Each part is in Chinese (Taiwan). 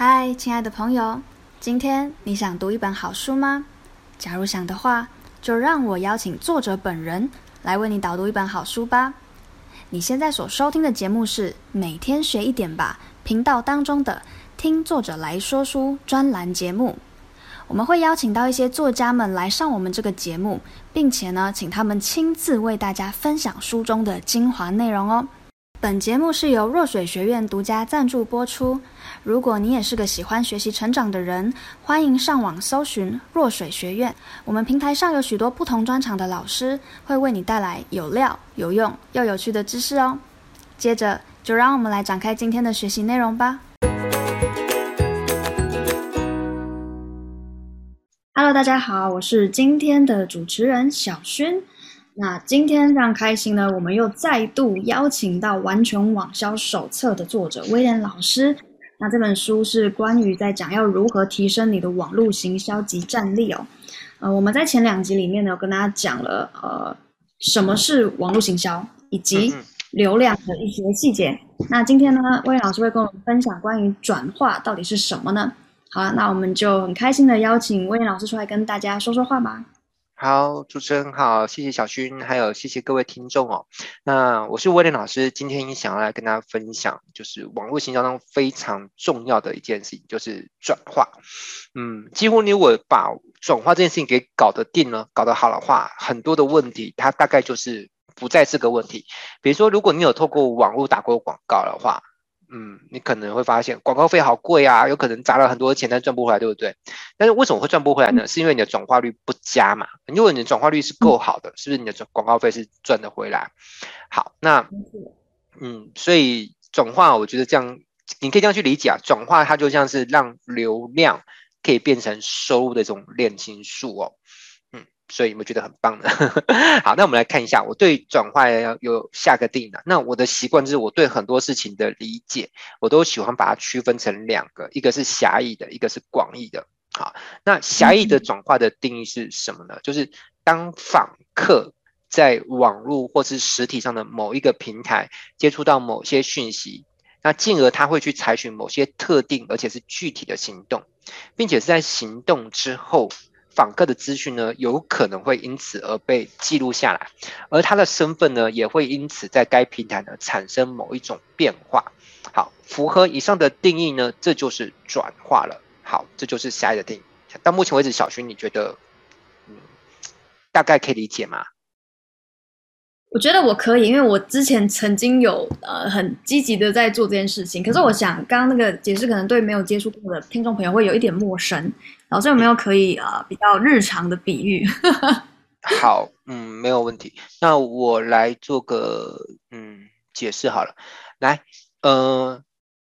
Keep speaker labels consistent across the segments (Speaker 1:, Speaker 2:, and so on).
Speaker 1: 嗨，親愛的朋友，今天你想讀一本好書嗎？假如想的話，就讓我邀請作者本人來為你導讀一本好書吧。你現在所收聽的節目是《每天學一點吧》頻道當中的“聽作者來說書”專欄節目。我們會邀請到一些作家們來上我們這個節目，並且呢，請他們親自為大家分享書中的精華內容哦。本節目是由若水學院獨家贊助播出。如果你也是個喜歡學習成長的人，歡迎上網搜尋若水學院。我們平台上有許多不同專場的老師，會為你帶來有料、有用又有趣的知識哦。接着，就讓我們來展開今天的學習內容吧。Hello，大家好，我是今天的主持人小薰。那今天非常開心呢，我們又再度邀請到《完全網銷手冊》的作者威廉老師。那這本書是關於在講要如何提升你的網絡行銷及戰力哦。呃，我們在前兩集裡面呢，有跟大家講了呃什麼是網絡行銷，以及流量的一些細節。嗯嗯。那今天呢，威廉老師會跟我們分享關於轉化到底是什麼呢？好啊，那我們就很開心的邀請威廉老師出來跟大家說說話吧。
Speaker 2: 好，主持人好，謝謝小薰，還有謝謝各位聽眾哦。那我是威廉老師，今天想要來跟大家分享，就是網絡行銷當中非常重要的一件事情，就是轉化。嗯，幾乎你如果把轉化這件事情給搞得定了、搞得好的話，很多的問題它大概就是不再是個問題。比如說，如果你有透過網絡打過廣告的話，嗯，你可能會發現廣告費好貴啊，有可能砸了很多錢但賺不回來，對不對？但是為什麼會賺不回來呢？是因為你的轉化率不佳嘛？如果你的轉化率是夠好的，是不是你的轉廣告費是賺得回來？好，那嗯，所以轉化，我覺得這樣你可以這樣去理解啊，轉化它就像是讓流量可以變成收入的這種煉金術哦。所以有沒有覺得很棒呢？ 好，那我們來看一下我對轉化要有下個定義的。那我的習慣就是我對很多事情的理解，我都喜歡把它區分成兩個，一個是狹義的，一個是廣義的。好，那狹義的轉化的定義是什麼呢？就是當訪客在網絡或是實體上的某一個平台接觸到某些訊息，那進而他會去採取某些特定而且是具體的行動，並且是在行動之後。訪客的資訊呢，有可能會因此而被記錄下來，而他的身份呢，也會因此在該平台呢產生某一種變化。好，符合以上的定義呢，這就是轉化了。好，這就是下一個定義。到目前為止，小徐你覺得，嗯，大概可以理解嗎？
Speaker 1: 我覺得我可以，因為我之前曾經有呃很積極的在做這件事情。可是我想，剛剛那個解釋可能對沒有接觸過的聽眾朋友會有一點陌生。然後有沒有可以呃比較日常的比喻？
Speaker 2: 好，嗯，沒有問題。那我來做個嗯解釋好了。來，呃，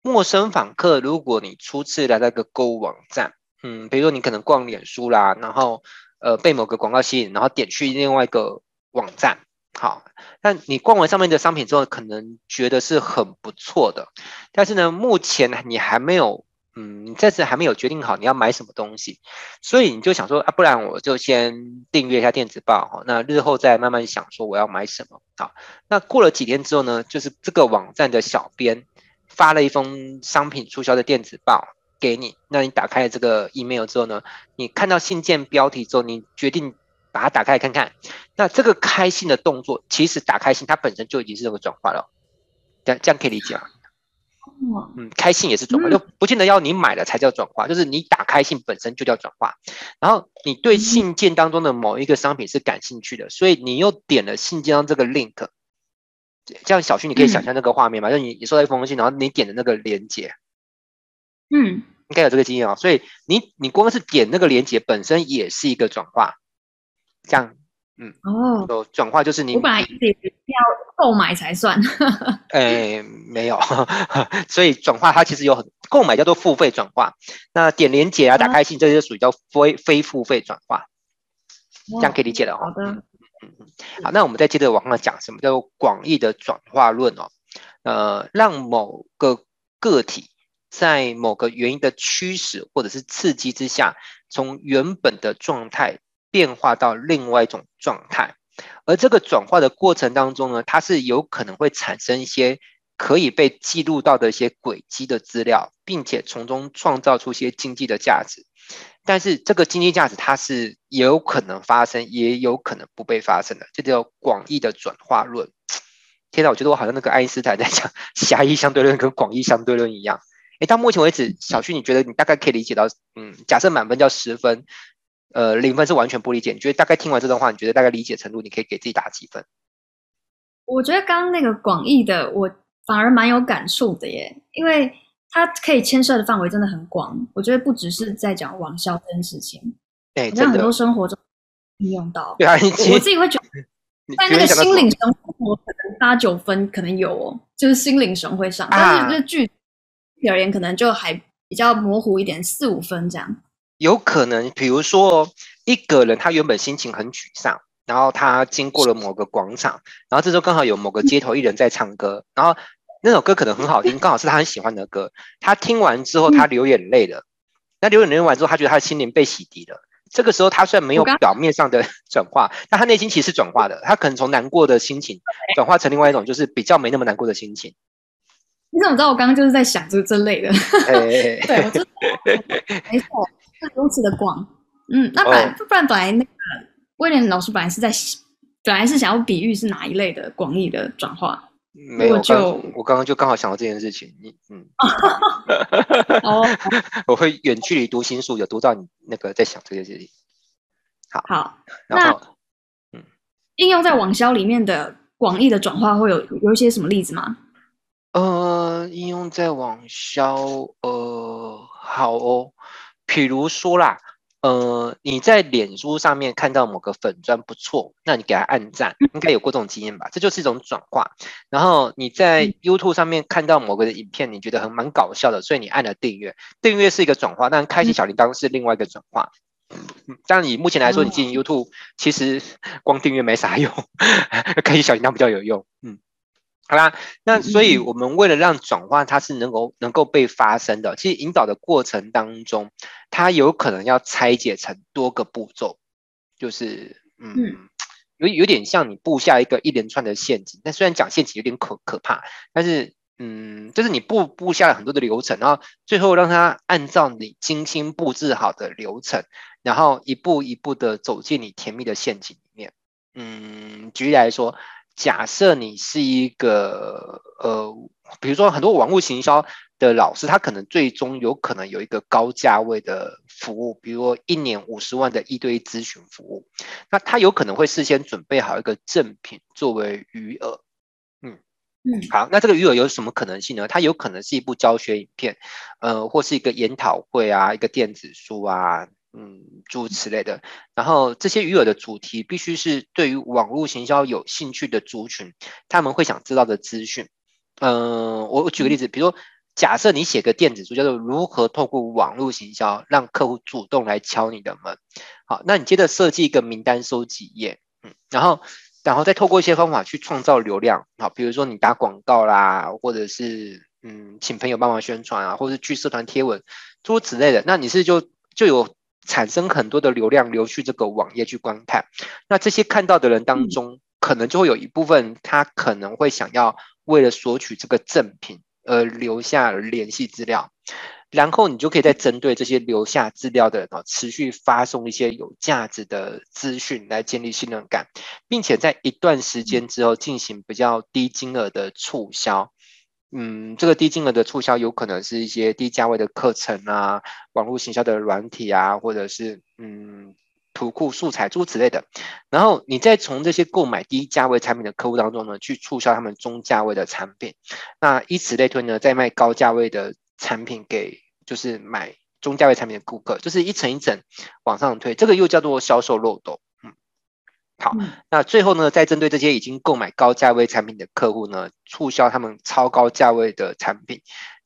Speaker 2: 陌生訪客，如果你初次來到一個購物網站，嗯，比如說你可能逛臉書啦，然後呃被某個廣告吸引，然後點去另外一個網站。好，那你逛完上面的商品之後，可能覺得是很不錯的，但是呢，目前你還沒有，嗯，你暫時還沒有決定好你要買什麼東西，所以你就想說啊，不然我就先訂閱一下電子報。好，那日後再慢慢想說我要買什麼啊。那過了幾天之後呢，就是這個網站的小編發了一封商品促銷的電子報給你，那你打開這個 email 之後呢，你看到信件標題之後，你決定。把它打開看看，那這個開信的動作，其實打開信它本身就已經是這個轉化了，這樣這樣可以理解啊。嗯，開信也是轉化，嗯、就不見得要你買了才叫轉化、嗯，就是你打開信本身就叫轉化，然後你對信件當中的某一個商品是感興趣的，所以你又點了信件上這個 link，這樣小徐你可以想象那個畫面嘛、嗯，就你你收到一封信，然後你點的那個鏈接，嗯，應該有這個經驗哦，所以你你光是點那個鏈接本身也是一個轉化。這樣，嗯，哦，有轉化就是你，我本來
Speaker 1: 一直要購買才算，
Speaker 2: 呃、 欸，沒有呵呵，所以轉化它其實有很購買叫做付費轉化，那點連結啊，打開信這些屬於叫非、oh. 非付費轉化，這樣可以理解了哦。Oh, 嗯，好，嗯嗯，好，那我們再接着往上講，什麼叫做廣義的轉化論哦？呃，讓某個個體在某個原因的驅使或者是刺激之下，從原本的狀態。變化到另外一種狀態，而這個轉化的過程當中呢，它是有可能會產生一些可以被記錄到的一些軌跡的資料，並且從中創造出一些經濟的價值。但是這個經濟價值它是也有可能發生，也有可能不被發生的，這叫廣義的轉化論。天哪，我覺得我好像那個愛因斯坦在講狹義相對論跟廣義相對論一樣。誒、欸，到目前為止，小旭，你覺得你大概可以理解到？嗯，假設滿分叫十分。呃，零分是完全不理解。你覺得大概聽完這段話，你覺得大概理解程度，你可以給自己打幾分？
Speaker 1: 我覺得剛剛那個廣義的，我反而蠻有感觸的耶，因為它可以牽涉的範圍真的很廣。我覺得不只是在講網銷這件事情，在、欸、很多生活中應用到，啊你，我自己會覺得在那個心領神會，我可能八九分可能有哦，就是心領神會上。啊、但是就是具體而言，可能就還比較模糊一點，四五分這樣。
Speaker 2: 有可能，比如說，一個人他原本心情很沮喪，然後他經過了某個廣場，然後這時候剛好有某個街頭藝人在唱歌，嗯、然後那首歌可能很好聽，剛好是他很喜歡的歌。他聽完之後，他流眼淚了、嗯。那流眼淚完之後，他覺得他的心靈被洗滌了。嗯、這個時候，他雖然沒有表面上的轉化，剛剛但他內心其實是轉化的。他可能從難過的心情轉化成另外一種，就是比較沒那麼難過的心情。
Speaker 1: 你怎麼知道我剛剛就是在想這這類的？哎、
Speaker 2: 對，
Speaker 1: 我知 沒錯。如此的廣，嗯，那本、oh. 不然，不然，本來、那個、威廉老師本來是在，本來是想要比喻，是哪一類的廣義的轉化，沒有，就我剛剛，
Speaker 2: 我剛剛就剛好想到這件事情，你嗯，哦、oh. ，oh. 我會遠距離讀心術，有讀到你那個在想這件事情，好，
Speaker 1: 好、oh.，然後、那嗯，應用在網銷裡面的廣義的轉化會有有一些什麼例子嗎？
Speaker 2: 呃，應用在網銷，呃，好哦。比如說啦，呃，你在臉書上面看到某個粉專不錯，那你給他按讚，應該有過這種經驗吧？這就是一種轉化。然後你在 YouTube 上面看到某個影片，你覺得很蠻搞笑的，所以你按了訂閱。訂閱是一個轉化，但開啟小鈴鐺是另外一個轉化。但以目前來說，你進 YouTube 其實光訂閱沒啥用，開啟小鈴鐺比較有用。嗯。好啦，那所以我們為了讓轉化它是能夠能夠被發生的，其實引導的過程當中，它有可能要拆解成多個步驟，就是
Speaker 1: 嗯，
Speaker 2: 有有點像你布下一個一連串的陷阱。那雖然講陷阱有點可可怕，但是嗯，就是你布布下了很多的流程，然後最後讓他按照你精心布置好的流程，然後一步一步的走進你甜蜜的陷阱裡面。嗯，舉例來說。假設你是一個呃，比如說很多網絡行銷的老師，他可能最終有可能有一個高價位的服務，比如說一年五十萬的一對一諮詢服務，那他有可能會事先準備好一個贈品作為餘額，嗯嗯，好，那這個餘額有什麼可能性呢？它有可能是一部教學影片，呃，或是一個研討會啊，一個電子書啊。嗯，諸如此類的。然後這些魚餌的主題必須是對於網絡行銷有興趣的族群，他們會想知道的資訊。嗯，我舉個例子，比如說，假設你寫個電子書，叫做《如何透過網絡行銷讓客戶主動來敲你的門》。好，那你接着設計一個名單收集頁，嗯，然後，然後再透過一些方法去創造流量，好，比如說你打廣告啦，或者是嗯，請朋友幫忙宣傳啊，或者去社團貼文，諸如此類的。那你是就就有產生很多的流量流去這個網頁去觀看，那這些看到的人當中，可能就會有一部分，他可能會想要為了索取這個贈品而留下聯繫資料，然後你就可以再針對這些留下資料的人哦，持續發送一些有價值的資訊來建立信任感，並且在一段時間之後進行比較低金額的促銷。嗯，這個低金額的促銷有可能是一些低價位的課程啊，網絡行銷的軟體啊，或者是嗯圖庫素材諸如此類的。然後你再從這些購買低價位產品的客戶當中呢，去促銷他們中價位的產品，那以此類推呢，再賣高價位的產品給就是買中價位產品的顧客，就是一層一層往上推，這個又叫做銷售漏斗。好，那最後呢，再針對這些已經購買高價位產品的客戶呢，促銷他們超高價位的產品，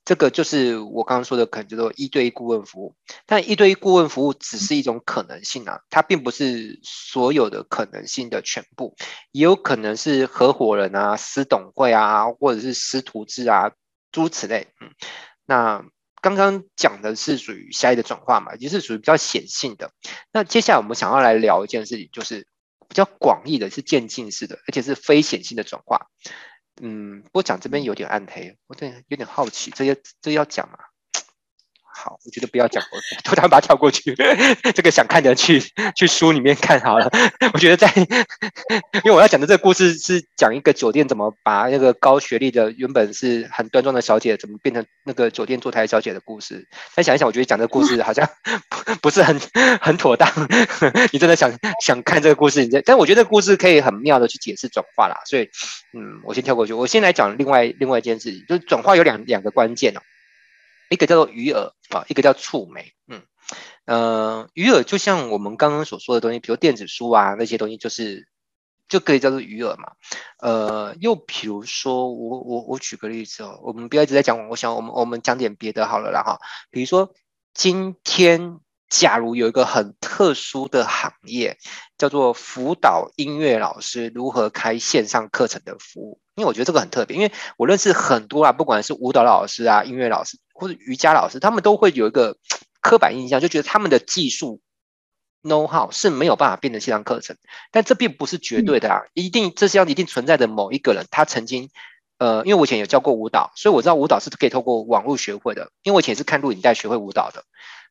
Speaker 2: 這個就是我剛剛說的，可能叫做一對一顧問服務。但一對一顧問服務只是一種可能性啊，它並不是所有的可能性的全部，也有可能是合夥人啊、私董會啊，或者是師徒制啊諸如此類。嗯，那剛剛講的是屬於狹義的轉化嘛，就是屬於比較顯性的。那接下來我們想要來聊一件事情，就是。比較廣義的是漸進式的，而且是非顯性的轉化。嗯，不過講這邊有點暗黑，我有點有點好奇，這些這些要講嗎？啊？好，我覺得不要講過，突然把它跳過去。這個想看的去去書裡面看好了。我覺得在，因為我要講的這個故事是講一個酒店怎麼把那個高學歷的原本是很端莊的小姐，怎麼變成那個酒店坐台小姐的故事。但想一想，我覺得講這個故事好像不是很很妥當。你真的想想看這個故事，你但我覺得這個故事可以很妙的去解釋轉化啦。所以，嗯，我先跳過去。我先來講另外另外一件事，就是轉化有兩兩個關鍵哦。一個叫做魚餌，啊，一個叫觸媒。嗯，呃，魚餌就像我們剛剛所說的東西，比如電子書啊那些東西，就是就可以叫做魚餌嘛。呃，又比如說，我我我舉個例子哦，我們不要一直在講，我想我們我們講點別的好了啦哈。比如說今天。假如有一個很特殊的行業，叫做輔導音樂老師如何開線上課程的服務，因為我覺得這個很特別，因為我認識很多啊，不管是舞蹈老師啊、音樂老師或者瑜伽老師，他們都會有一個刻板印象，就覺得他們的技術 know-how 是沒有辦法變成線上課程，但這並不是絕對的啊，一定這這樣一定存在着某一個人，他曾經呃，因為我以前有教過舞蹈，所以我知道舞蹈是可以透過網絡學會的，因為我以前是看錄影帶學會舞蹈的。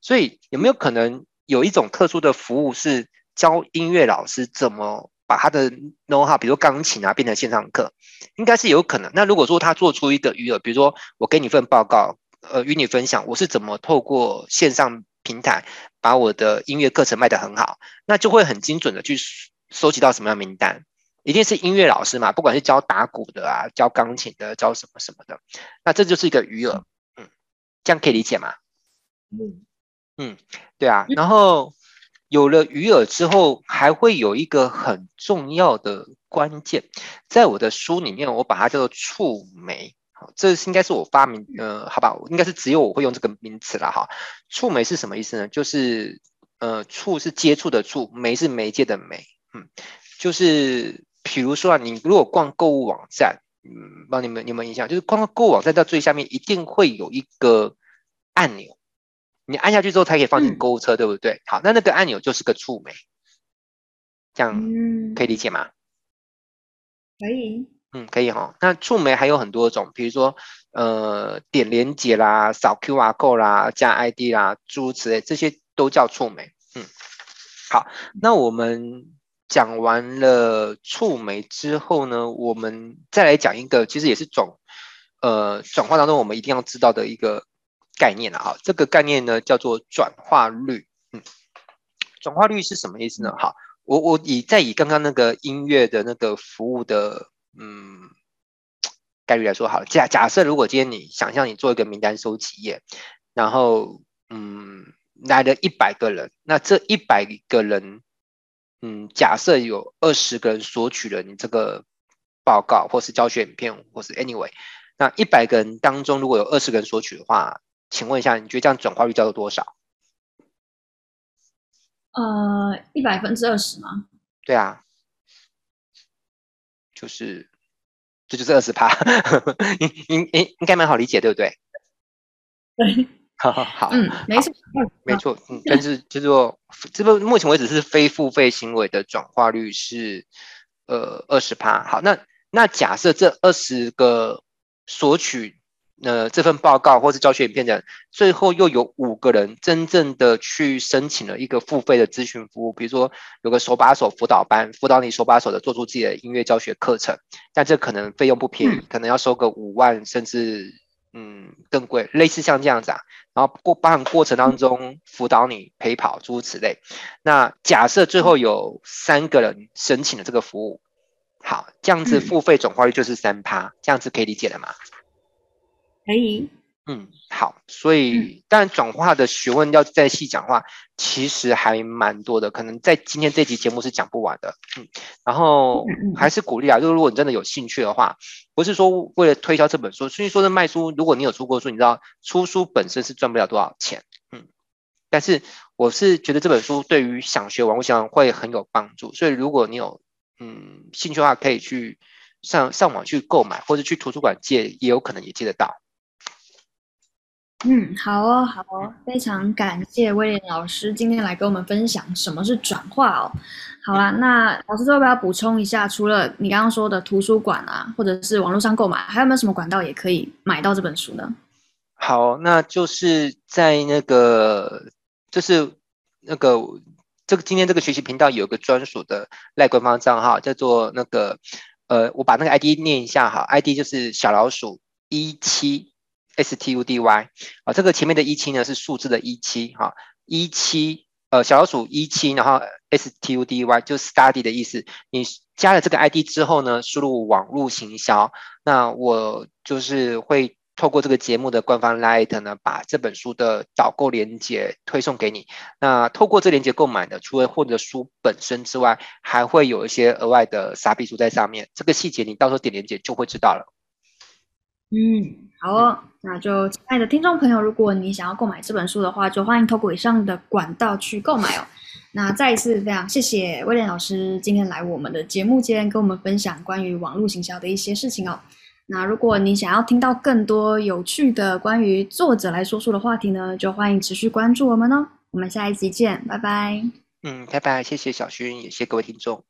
Speaker 2: 所以有沒有可能有一種特殊的服務是教音樂老師怎麼把他的 know how，比如鋼琴啊，變成線上課，應該是有可能。那如果說他做出一個魚餌，比如說我給你份報告，呃，與你分享我是怎麼透過線上平台把我的音樂課程賣得很好，那就會很精準的去收集到什麼樣名單？一定是音樂老師嘛，不管是教打鼓的啊，教鋼琴的，教什麼什麼的。那這就是一個魚餌，嗯，這樣可以理解嗎？嗯。嗯，對啊，然後有了魚餌之後，還會有一個很重要的關鍵，在我的書裡面，我把它叫做觸媒。好，這應該是我發明，呃，好吧，應該是只有我會用這個名詞了哈。觸媒是什麼意思呢？就是，呃，觸是接觸的觸，媒是媒介的媒。嗯，就是比如說啊，你如果逛購物網站，嗯，幫你們你們一下，就是逛購物網站到最下面，一定會有一個按鈕。你按下去之後才可以放進購物車，嗯，對不對？好，那那個按鈕就是個觸媒，這樣、嗯、可以理解嗎？可
Speaker 1: 以，
Speaker 2: 嗯，可以哈。那觸媒還有很多種，比如說呃點連結啦、掃 QR code 啦、加 ID 啦、諸如此類，這些都叫觸媒。嗯，好，那我們講完了觸媒之後呢，我們再來講一個，其實也是種呃轉化當中我們一定要知道的一個概念了哈，這個概念呢叫做轉化率。嗯，轉化率是什麼意思呢？好，我我以再以剛剛那個音樂的那個服務的嗯概率來說，好，假假設如果今天你想象你做一個名單收集頁，然後嗯來了一百個人，那這一百個人嗯，假設有二十個人索取了你這個報告或是教學影片或是 anyway，那一百個人當中如果有二十個人索取的話。請問一下，你覺得這樣轉化率叫做多少？呃，
Speaker 1: 一百分之二十
Speaker 2: 嗎？對啊，就是，這就，就是二十趴，應應 應該蠻好理解，對不對？
Speaker 1: 對。
Speaker 2: 好好好，嗯，沒錯，嗯，沒錯，嗯，但是就是說，這個目前為止是非付費行為的轉化率是呃二十趴。好，那那假設這二十個索取。那、呃、這份報告或是教學影片講，最後又有五個人真正的去申請了一個付費的諮詢服務，比如說有個手把手輔導班，輔導你手把手的做出自己的音樂教學課程，但這可能費用不便宜，可能要收個五萬甚至嗯更貴，類似像這樣子啊。然後過包含過程當中輔導你陪跑諸如此類。那假設最後有三個人申請了這個服務，好，這樣子付費轉化率就是三趴，這樣子可以理解了嗎？可以，嗯，好，所以、嗯、但轉化的學問要再細講的話，其實還蠻多的，可能在今天這集節目是講不完的，嗯，然後還是鼓勵啊，就是如果你真的有興趣的話，不是說為了推銷這本書，所以說是賣書，如果你有出過書，你知道出書本身是賺不了多少錢，嗯，但是我是覺得這本書對於想學完，我想會很有幫助，所以如果你有，嗯，興趣的話，可以去上上網去購買，或者去圖書館借，也有可能也借得到。
Speaker 1: 嗯，好哦，好哦，非常感謝威廉老師今天來跟我們分享什麼是轉化哦。好啦，啊，那老師會不會要不要補充一下？除了你剛剛說的圖書館啊，或者是網絡上購買，還有沒有什麼管道也可以買到這本書呢？
Speaker 2: 好，那就是在那個，就是那個這個今天這個學習頻道有個專屬的賴官方賬號，叫做那個呃，我把那個 ID 念一下哈，ID 就是小老鼠一七。S T U D Y 啊，這個前面的一七呢是數字的一七哈，一七，呃、小老鼠一七，然後 S T U D Y 就 study 的意思。你加了這個 I D 之後呢，輸入網絡行銷，那我就是會透過這個節目的官方 LINE 呢，把這本書的導購鏈接推送給你。那透過這鏈接購買的，除了獲得書本身之外，還會有一些額外的傻逼書在上面。這個細節你到時候點鏈接就會知道了。
Speaker 1: 嗯，好哦，那就親愛的聽眾朋友，如果你想要購買這本書的話，就歡迎透過以上的管道去購買哦。那再一次非常謝謝威廉老師今天來我們的節目間跟我們分享關於網絡行銷的一些事情哦。那如果你想要聽到更多有趣的關於作者來說書的話題呢，就歡迎持續關注我們哦。我們下一集見，拜拜。嗯，
Speaker 2: 拜拜，謝謝小薰，也謝各位聽眾。